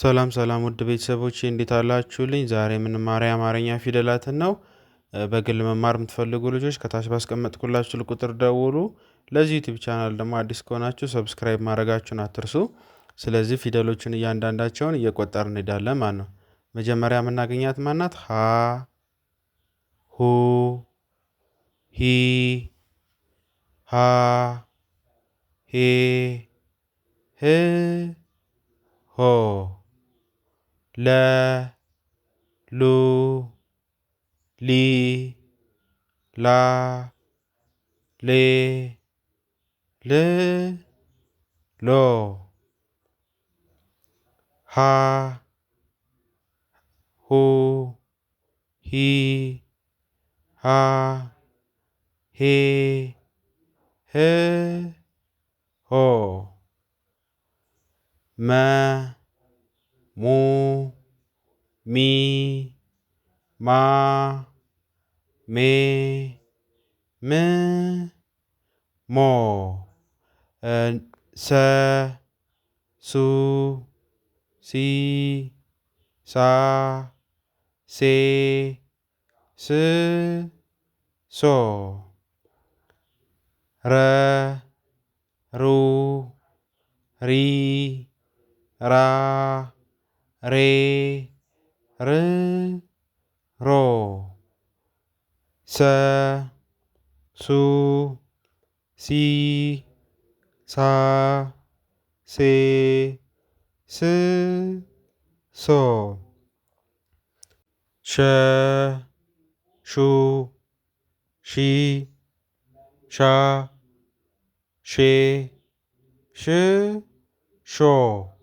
ሰላም ሰላም ውድ ቤተሰቦች እንዴት አላችሁልኝ? ዛሬ የምንማረው የአማርኛ ፊደላትን ነው። በግል መማር የምትፈልጉ ልጆች ከታች ባስቀመጥኩላችሁ ቁጥር ደውሉ። ለዚህ ዩቲብ ቻናል ደግሞ አዲስ ከሆናችሁ ሰብስክራይብ ማድረጋችሁን አትርሱ። ስለዚህ ፊደሎችን እያንዳንዳቸውን እየቆጠር እንሄዳለን ማለት ነው። መጀመሪያ የምናገኛት ማናት? ሀ ሁ ሂ ሃ ሄ ህ ሆ ለ ሉ ሊ ላ ሌ ል ሎ ሀ ሁ ሂ ሃ ሄ ህ ሆ መ ሙ ሚ ማ ሜ ም ሞ ሰ ሱ ሲ ሳ ሴ ስ ሶ ረ ሩ ሪ ራ ሬ re ro se su si sa se se so she shu she sha she she sho